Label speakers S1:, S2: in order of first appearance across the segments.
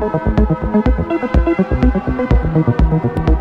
S1: ありがとうございました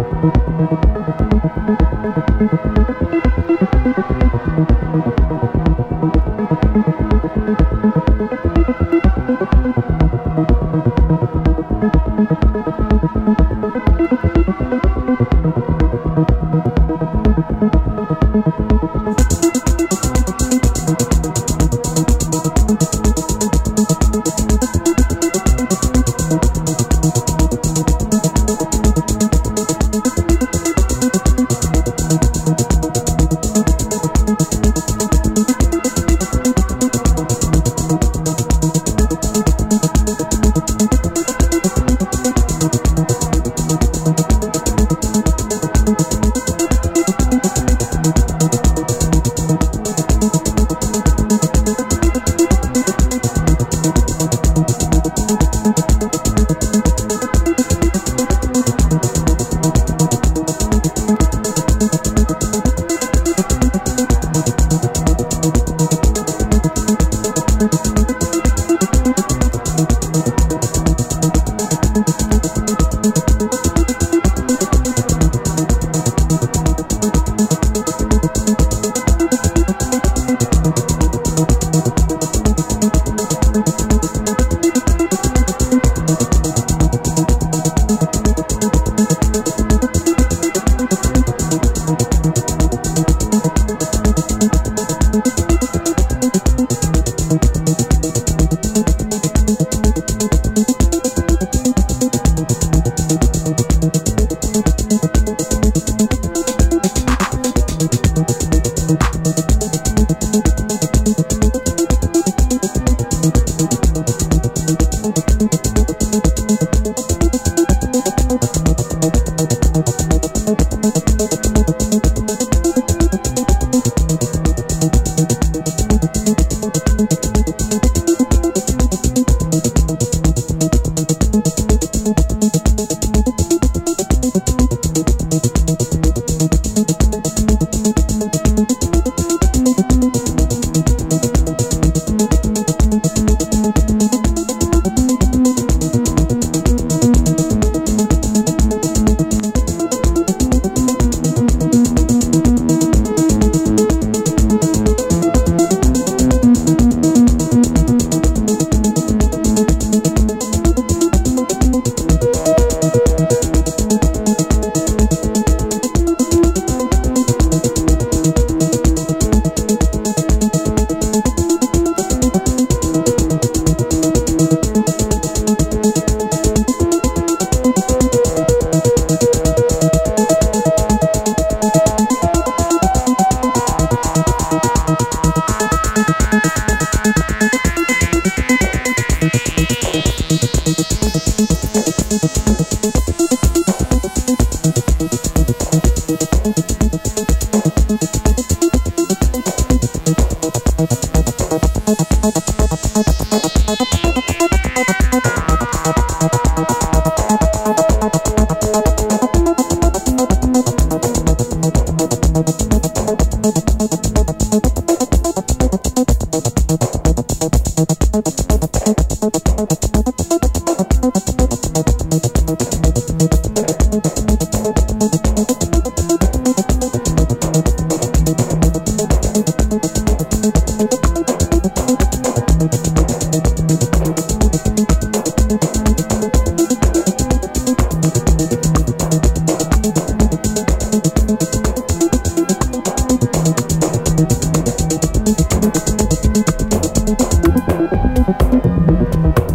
S1: Thank you.